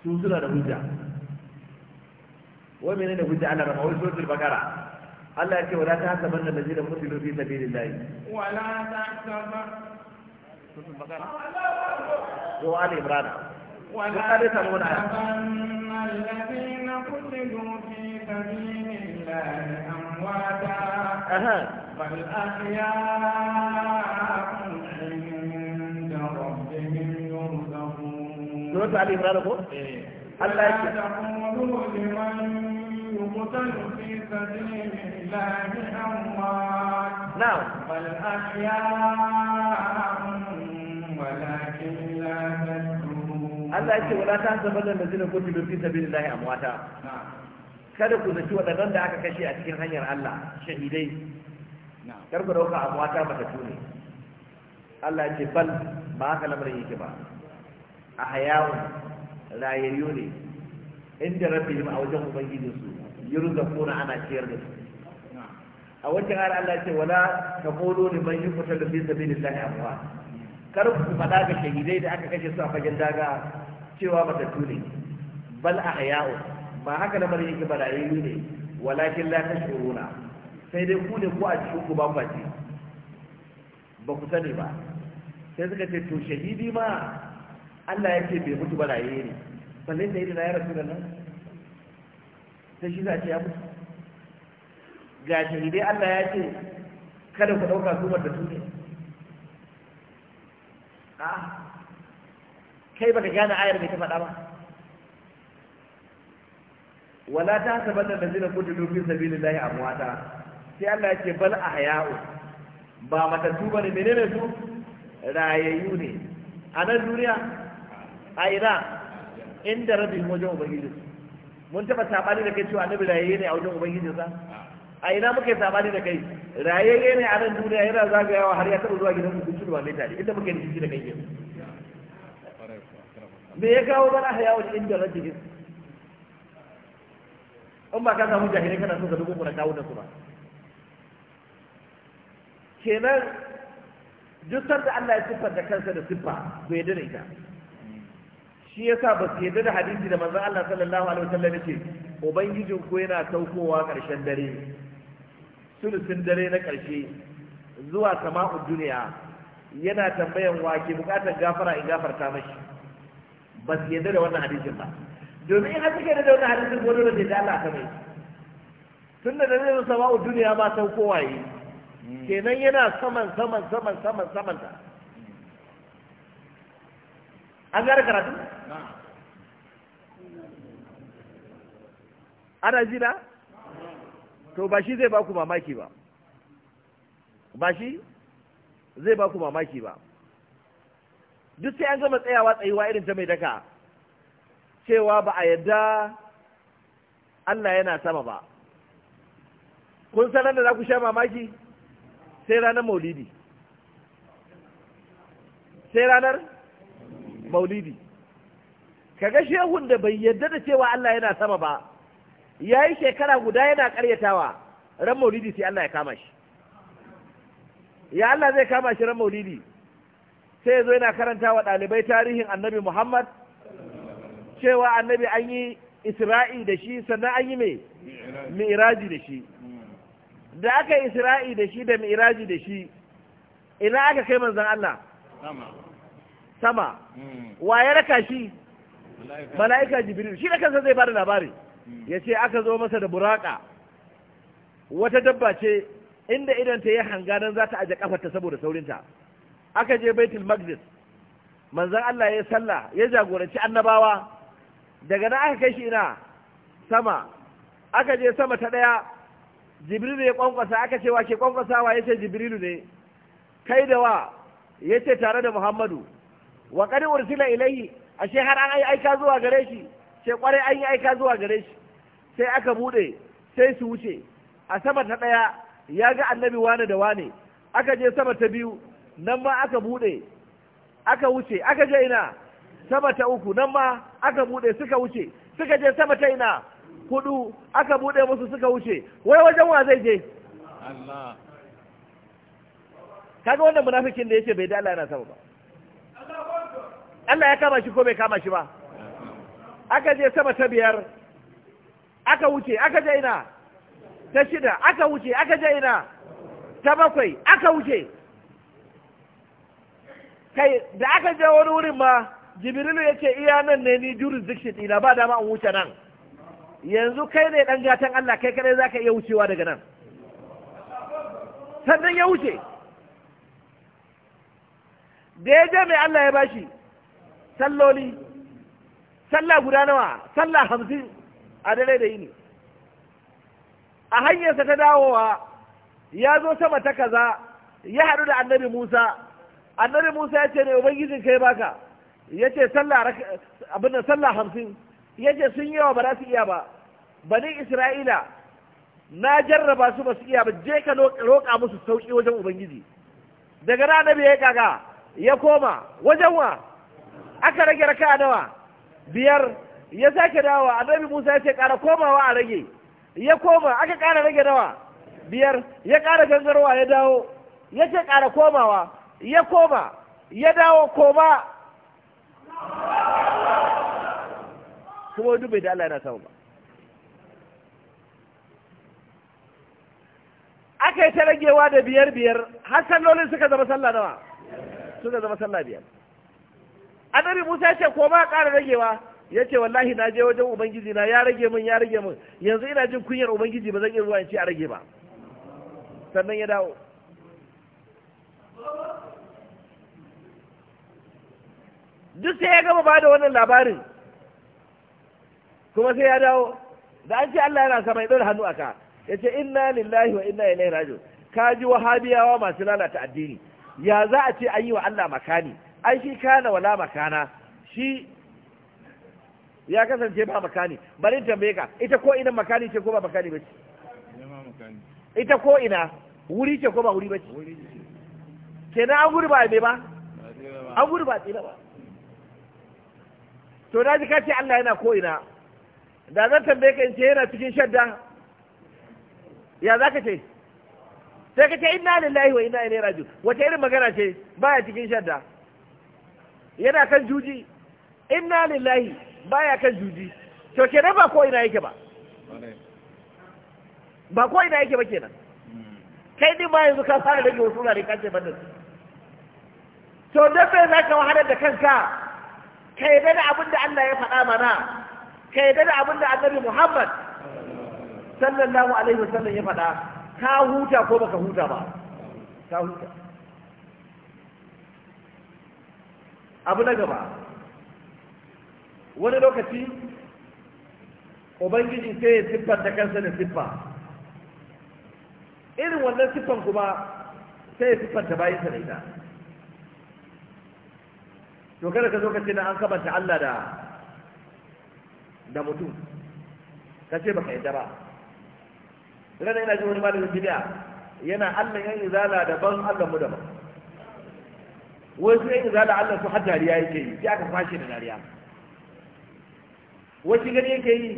sun suna da hujja wai menene da hujja Allah rama sura al-baqara Allah ya ce wala ta hasaban da lazina mutilu fi sabilillah wala ta hasaban al-baqara wa ali imran wala ta hasaban الذين قتلوا في ta ali imran ko eh. Allah ya Na'am bal ahya'un walakin la tadrun Allah ya ce wala ta sabalan da zina kuntu fi sabilillahi amwata kada ku zaci waɗannan da aka kashe a cikin hanyar Allah shahidai kar ku dauka amwata mata tune Allah ya ce bal ba haka lamarin yake ba hayawun rayayyu ne inda rabbihim a wajen su rufe kuna ana ciyar da su a wajen har Allah ce wala ta kusa da liman bin fi ya kuwa kar ku faɗa ga shahidai da aka kashe su a fagen daga cewa ta tuni bal a hayawun ba haka na mari yake barayi ne walakin la shuruna sai dai ku ne ku a cikin ku ba ba ku sani ba sai suka ce to shahidi ma Allah ya ce bai mutu ba raye ne da sai da ya rasu da nan sai shi za ce ya mutu ga shahidai Allah ya ce kada ku ɗauka su wanda tuni a kai baka gane ayar mai ta faɗa ba wala ta sabatar da zina kudu lahi a muwata sai Allah ya ce bal a haya'u. ba matattu ba ne menene su rayayyu ne a nan duniya a ina inda rabin wajen ubangiji mun taɓa saɓani da kai cewa annabi raye ne a wajen ubangiji sa a ina muke saɓani da kai raye ne a nan duniya yana zagayawa har ya taɓa zuwa gidan mutum shi da wani tare inda muke yi da kai yau me ya kawo mana haya wani inda rabin in ba ka samu jahilai kana so ka dubu kuna kawo su ba kenan duk sanda Allah ya siffar da kansa da siffa bai dare da ita shi yasa ba su yadda da hadisi da manzon Allah sallallahu alaihi wasallam yake ubangijin ko yana saukowa karshen dare sulusin dare na karshe zuwa sama'ud duniya yana tambayan wa ke bukatar gafara in gafarta mashi ba su yadda da wannan hadisin ba domin in har suka da wannan hadisin ko dole da Allah ta mai tun da dare zuwa sama'ud duniya ba saukowa yi kenan yana saman saman saman saman saman ta an gara karatu ana zina to ba shi zai ba ku mamaki ba ba shi zai ba ku mamaki ba duk sai an gama tsayawa tsayuwa irin ta mai daka cewa ba a yadda Allah yana sama ba kun sanar da za ku sha mamaki sai ranar maulidi sai ranar maulidi kaga shehun da bai yarda da cewa Allah yana sama ba yayi shekara guda yana karyatawa ran maulidi sai Allah ya kama shi ya Allah zai kama shi ran maulidi sai yazo yana karanta wa ɗalibai tarihin annabi Muhammad cewa annabi an yi isra'i da shi sannan an yi me? Mi'raji da shi da aka isra'i da shi da Mi'raji da shi ina aka kai manzon Allah sama hmm. wa ya raka shi mala'ika jibril shi da kansa zai bada labari ya ce aka zo masa da buraka wata dabba ce inda idan ta yi hanganan za ta aje kafarta saboda saurinta aka je baitul maqdis manzon Allah ya sallah ya jagoranci annabawa daga nan aka kai shi ina sama aka je sama ta daya jibril ya kwankwasa aka ce wa ke kwankwasawa ya ce jibrilu ne kai da wa ya ce tare da muhammadu wa kadi ursila ilayhi ashe har an yi aika zuwa gare shi sai kwarai an yi aika zuwa gare shi sai aka bude sai su wuce a sama ta ɗaya ya ga annabi wane da wane aka je sama ta biyu nan ma aka bude aka wuce aka je ina sama ta uku nan ma aka bude suka wuce suka je sama ta ina hudu aka bude musu suka wuce wai wajen wa zai je Allah kaga wannan munafikin da yake bai da Allah yana sama ba Allah ya kama shi ko bai kama shi ba aka je sama ta biyar aka wuce aka je ina ta shida aka wuce aka je ina ta bakwai aka wuce kai da aka je wani wurin ma jibrilu ya iya nan ne ni jurisdiction ina ba dama an wuce nan yanzu kai ne dan gatan Allah kai kadai zaka iya wucewa daga nan sannan ya wuce da ya je mai Allah ya bashi salloli salla guda nawa sallah hamsin a dare da yini a hanyarsa ta dawowa ya zo sama ta kaza ya haɗu da annabi musa annabi musa ya ce ne ubangijin kai baka ya ce abin sallah hamsin ya ce sun yawa ba za su iya ba bani isra'ila na jarraba su ba su iya ba je ka roƙa musu sauƙi wajen ubangiji daga ranar annabi ya kaga ya koma wajen wa aka rage raka nawa biyar ya sake dawowa annabi musa ya ce ƙara komawa a rage ya koma aka ƙara rage nawa biyar ya ƙara gangarwa ya dawo ya ce ƙara komawa ya koma ya dawo koma kuma wani dubai da Allah yana samu ba aka yi ta ragewa da biyar biyar har sallolin suka zama sallah nawa suka zama sallah biyar annabi musa ya ce ko ba ƙara ragewa ya ce wallahi na je wajen ubangiji na ya rage min ya rage min yanzu ina jin kunyar ubangiji ba zan iya zuwa in ce a rage ba sannan ya dawo duk sai ya gama ba da wannan labarin kuma sai ya dawo da an ce Allah yana sama ya ɗora hannu aka ya ce inna lillahi wa inna ilaihi raji'un ka ji wahabiyawa masu lalata addini ya za a ce an yi wa Allah makani ai shi kana wala makana shi ya kasance ba makani bari tambaye ka ita ko ina makani ce ko ba makani ba ce ita ko ina wuri ce ko ba wuri ba ce kenan an gudu ba mai ba an gudu ba tsira ba to na ji kace Allah yana ko ina da zan tambaye ka in ce yana cikin shadda ya zaka ce sai ka ce inna lillahi wa inna ilaihi raji'un wace irin magana ce baya cikin shadda yana kan juji inna lillahi baya kan juji to kenan ba ko ina yake ba ba ko ina yake ba kenan kai din ba yanzu ka fara rage wasu wurare ka ce banda su to dafe za ka wahalar da kanka ka yi da abin da Allah ya faɗa mana ka yi da abin da annabi Muhammad sallallahu alaihi wasallam ya faɗa ka huta ko baka huta ba ka huta abu na gaba wani lokaci ubangiji sai ya da kansa da siffa irin wannan siffan kuma sai ya siffanta bayansa da ita to kada ka zo ka ce na an kamanta Allah da da mutum ka ce baka yadda ba ina ina ji wani malamin bid'a yana Allah yan izala daban Allah mu daban wasu sai za da Allah su har dariya yake yi sai aka fashe da dariya wasu gani yake yi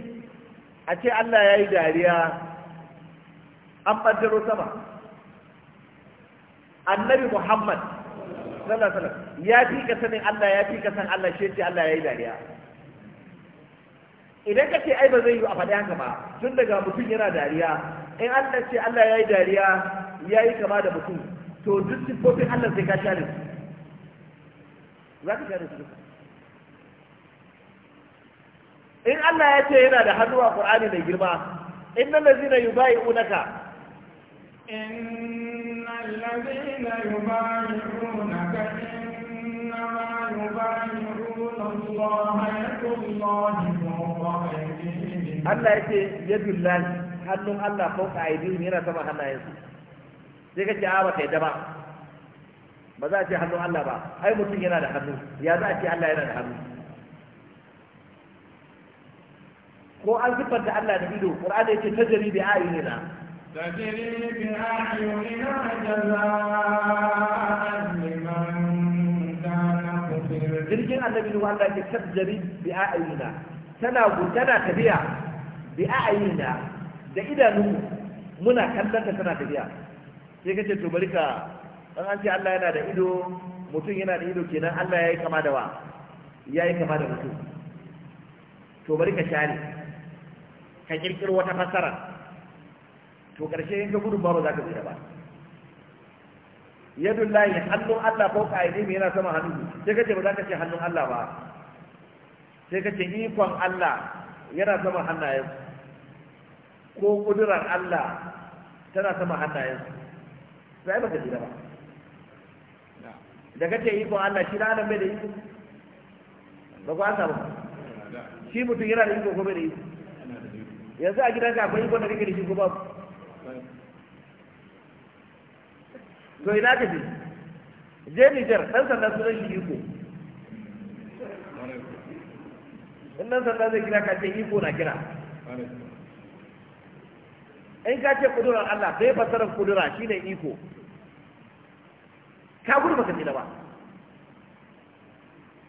a ce Allah ya yi dariya an ɓantaro sama annabi Muhammad sallallahu alaihi ya fi ka sanin Allah ya fi ka san Allah shi ce Allah ya yi dariya idan ka ce ai ba zai yi a faɗi haka ba tun daga mutum yana dariya in Allah ce Allah ya yi dariya ya yi kama da mutum to duk siffofin Allah sai ka share su za ka sha da su in Allah ya ce yana da hannu a Qur'ani mai girma innal ladzina yubayi'unaka innal ladzina yubayi'unaka innama yubayi'una Allah yadullahi fawqa aydihim Allah ya ce yadullahi hannun Allah fawqa aydihim yana sama hannayensu sai kace a ba kai da ba ba za a ce hannun Allah ba ai mutum yana da hannu ya za a ce Allah yana da hannu ko an siffanta Allah da ido Qur'ani yake tajri bi ayyina tajri bi ayyina jazaa'an liman kana kafir jirgin annabi ne wanda yake tajri bi ayyina tana tana tafiya bi ayunina da idanu muna kallon ta tana tafiya sai kace to bari ka dan an ce Allah yana da ido mutum yana da ido kenan Allah yayi kama da wa yayi kama da mutum to bari ka share ka kirkiro wata fasara to karshe in ka gudun baro zaka tsira ba yadullahi hannun Allah ko aidi mai yana sama hannu sai kace ba zaka ce hannun Allah ba sai kace ikon Allah yana sama hannayen ko kudurar Allah tana sama hannayen sai ba ka jira ba da kace ko Allah shi da adam bai da iko ba ku ansa ba shi mutum yana da iko ko bai da iko yanzu a gidanka akwai iko da kake da shi ko babu to ina ka je je Nijar dan sanda sunan shi iko in dan sanda zai kira ka ce iko na kira in ka ce kudurar Allah bai fasarar kudura shine iko ka gudu baka tsira ba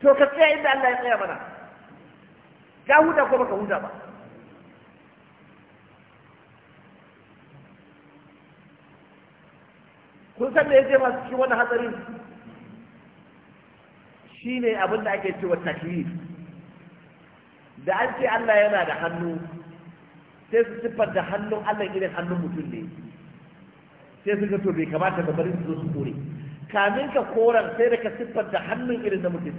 to ka tsaya inda Allah ya tsaya mana ka huta ko baka huta ba kun san me ya je masu cikin wani hatsarin shi ne abin da ake cewa taklif da an ce Allah yana da hannu sai su siffar da hannun Allah irin hannun mutum ne sai su ga to bai kamata da bari su zo su kore kamin ka koran sai da ka siffanta hannun irin na mutum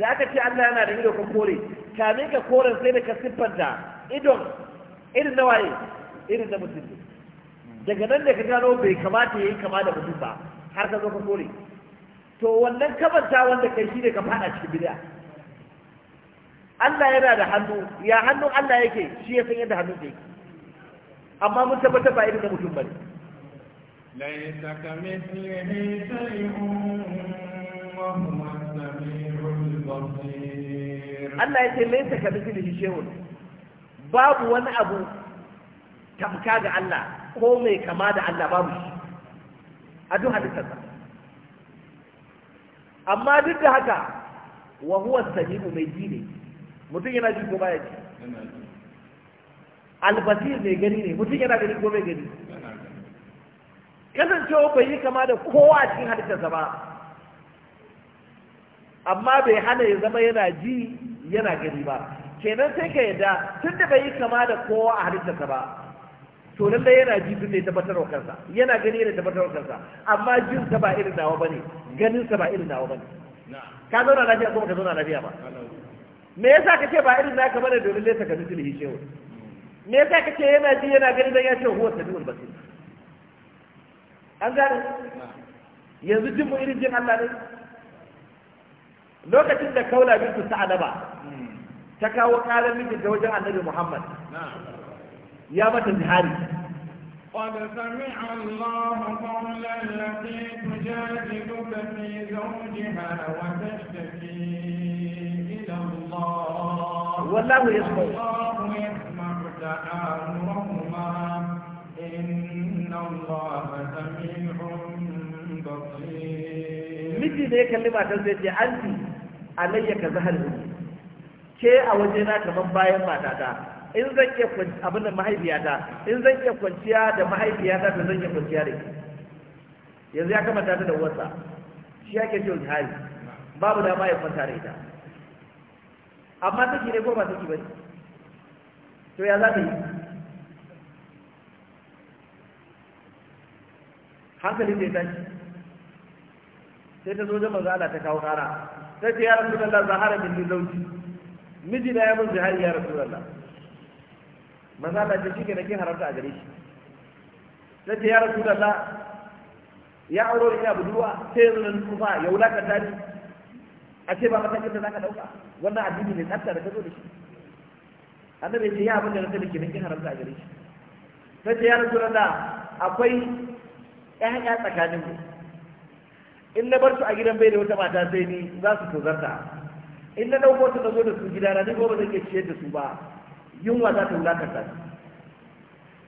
da aka ce Allah yana da ido ka kore kamin ka koran sai da ka siffanta idon irin na waye irin na mutum daga nan da ka gano bai kamata yayi kama da mutum ba har ka zo ka kore to wannan kabanta wanda kai shi ne ka fada cikin bid'a Allah yana da hannu ya hannun Allah yake shi ya san yadda hannun yake amma mun tabbatar ba irin na mutum bane ليس كمثله شيء وهو السميع البصير الله يقول ليس كمثله شيء باب وانا ابو tamka ga Allah ko mai kama da Allah babu shi a duk halittarsa amma duk da haka wa huwa sami'u mai ji ne mutum yana ji ko baya ji albasir mai gani ne mutum yana gani ko mai gani kasancewa bai yi kama da kowa a cikin halittarsa ba amma bai hana ya zama yana ji yana gani ba kenan sai ka yadda tun da bai yi kama da kowa a halittarsa ba to da yana ji tun da ya tabbatar wa kansa yana gani yana tabbatar wa kansa amma jin sa ba irin nawa bane ganin sa ba irin nawa bane ka zauna lafiya ko ka zauna lafiya ba me yasa ka ce ba irin naka bane domin lesa ka mithlihi shay'un me yasa ka ce yana ji yana gani dan ya ce huwa samiul basir an gane yanzu jin mu irin jin Allah ne lokacin da kaula bintu sa'adaba ta kawo karar mijinta wajen annabi Muhammad ya mata zihari قد سمع الله قول التي تجادلك في زوجها وتشتكي إلى الله والله يسمع الله يسمع تآمرهما إن miji ne ya kalli matar sai ce anti alayya ka zahar ke a waje na kamar bayan matata in zan iya abin da mahaifiyata in zan iya kwanciya da mahaifiyata da zan iya kwanciya da yanzu ya kamata ta da wasa shi ya ke ce hari babu dama ya kwanta da ita amma take ne ko ba take ba to ya za ta yi hankali da tashi sai ta zo manzo Allah ta kawo kara sai ta ya rasulullah zahara bin zauji miji da ya mun zahari ya rasulullah manzo Allah ta shike nake haramta a gare shi sai ta ya rasulullah ya ni ina budurwa sai yanzu nan kuma ya ta ni a ce ba matakin da zaka dauka wannan addini ne tsafta da ka zo da shi annabi ya ce ya abin da na sani kenan kin haramta a gare shi sai ta ya rasulullah akwai ƴaƴa tsakanin mu in na bar su a gidan bai da wata mata sai ni za su tozarta in na ɗauko su na zo da su gidana ni ba zan iya ciyar da su ba yunwa za ta wulakanta ta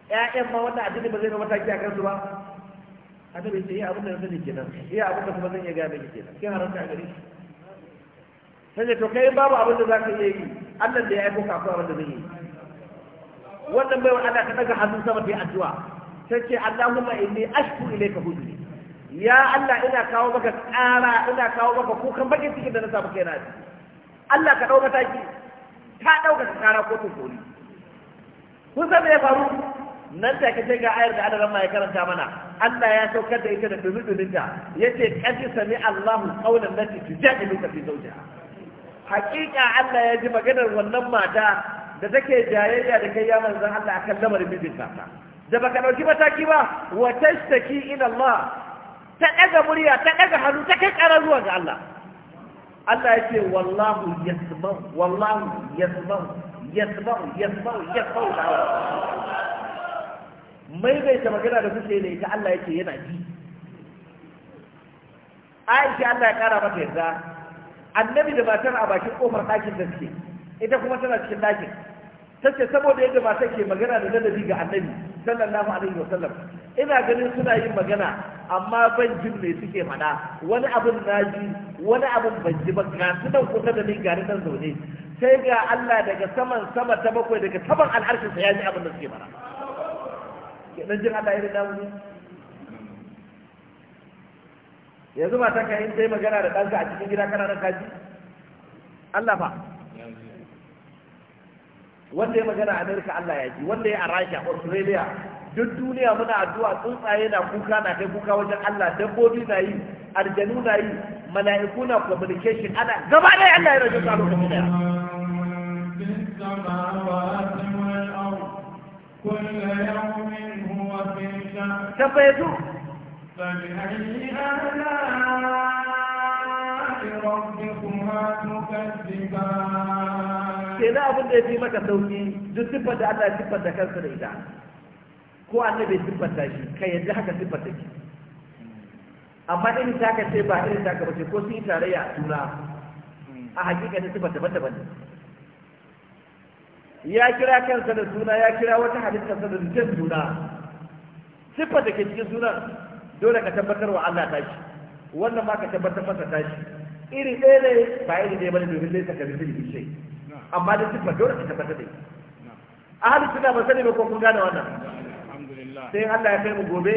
ƴaƴan ma wanda addini ba zai ga mataki a kansu ba annabi ce iya eh, abin da yake kenan iya eh, abin da kuma zan iya gaya miki kenan kin haramta a gare shi sai to kai babu abin da za ka iya yi Allah da ya aiko ka akwai abin da zai yi wannan bai wa Allah ka daga hannun sama ta yi addu'a sai ce Allahumma inni ashku ilayka huzni ya Allah ina kawo maka ƙara ina kawo maka kukan bakin cikin da na samu kaina Allah ka ɗauka taki ta dauka ka ƙara ko tukuri kun san me ya faru nan ta kace ga ayar da Allah ya karanta mana Allah ya saukar da ita da dumuduminta yace kaji sami Allahu qawlan lati tujadiluka fi zawjiha haƙiƙa Allah ya ji maganar wannan mata da take jayayya da kai ya manzon Allah akan lamarin bibinta. da baka ɗauki mataki ba wa tashtaki ila Allah ta ɗaga murya ta ɗaga hannu ta kai ƙara zuwa ga Allah Allah ya ce wallahu yasma'u wallahu yasma'u yasma'u yasma'u yasma'u mai bai ta magana da kuke ne ita Allah yake yana ji Aisha Allah ya kara mata yarda annabi da matar a bakin kofar ɗakin da suke ita kuma tana cikin ɗakin tace saboda yadda matar ke magana da ladabi ga annabi sallallahu alaihi wa sallam ina ganin suna yin magana amma ban jin me suke faɗa wani abin na ji wani abin ban ji ba ga su nan kusa da ni ga ni nan zaune sai ga Allah daga saman sama ta bakwai daga saman al'arshin sa ya ji abin da suke faɗa kenan jin Allah irin namu ne yanzu ba ta kai sai magana da ɗanka a cikin gida kana nan kaji Allah fa wanda ya magana a Amerika Allah ya ji wanda ya a Rasha Australia duk duniya muna addu'a tsuntsaye na kuka na kai kuka wajen Allah dabbobi na yi aljanu na yi mala'iku na communication ana gaba da Allah ya rage su a lokacin da تفيتوا فبأي آلاء ربكما تكذبان kenan abin da ya fi maka sauki duk siffar da Allah siffar da kansa da ita ko annabi siffar da shi kai yadda haka siffar da shi amma in ta ka ce ba irin ta ka ce ko sun yi tarayya a suna a hakika ta siffar daban-daban ya kira kansa da suna ya kira wata halittarsa da jikin suna siffar da ke cikin sunan dole ka tabbatar wa Allah tashi wannan ma ka tabbatar masa tashi iri ɗaya ne ba iri ɗaya ne domin zai saka bisil amma da siffar dole ta tabbata da a ahli sunna ba sani ba ko kun gane wannan sai Allah ya kai mu gobe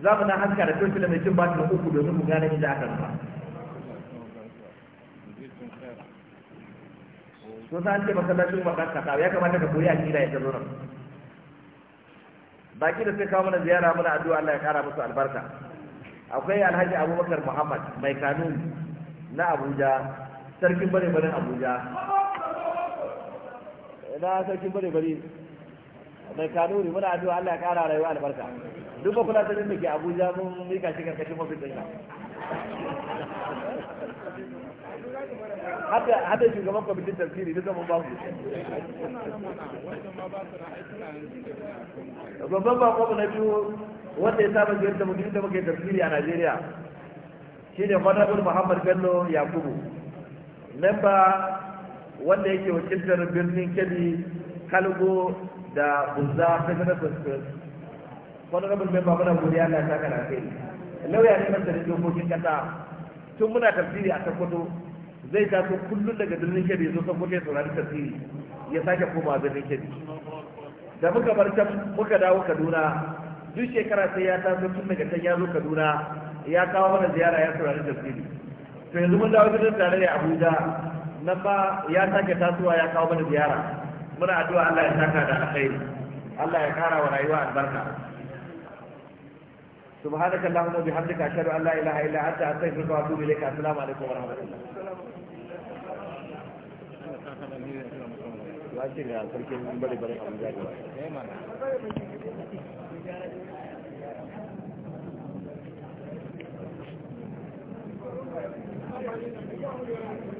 za mu na haska da tosila mai cin batin uku domin mu gane inda aka rufa so sa an ce masallacin makasa ya kamata ka koyi akida ya ta zo nan baki da sai kawo mana ziyara muna addu'a Allah ya kara musu albarka akwai alhaji abubakar muhammad mai kanun na abuja sarkin bane bane abuja na sarkin bare bare mai muna addu'a Allah ya rayuwa albarka duk ba kula sanin na biyu wanda ya saba ziyarta da mutum da muke tafsiri a Najeriya shine Honorable Muhammad Bello Yakubu member wanda yake wakiltar birnin kebbi kalgo da ta federal constitution wani rabin memba muna godiya na ta kana kai lauya ne masa da dokokin kasa tun muna tafsiri a sokoto zai taso kullum daga birnin kebbi zo sokoto ya saurari tafsiri ya sake koma birnin kebbi da muka bar can muka dawo kaduna duk shekara sai ya taso tun daga can ya zo kaduna ya kawo mana ziyara ya saurari tafsiri to yanzu mun dawo birnin tare da abuja na ba ya sake tasowa ya kawo mana ziyara muna addu'a Allah ya saka da alkhairi Allah ya kara wa rayuwa albarka سبحانك اللهم وبحمدك أشهد أن لا إله إلا أنت أستغفرك وأتوب إليك السلام عليكم ورحمة الله Thank you.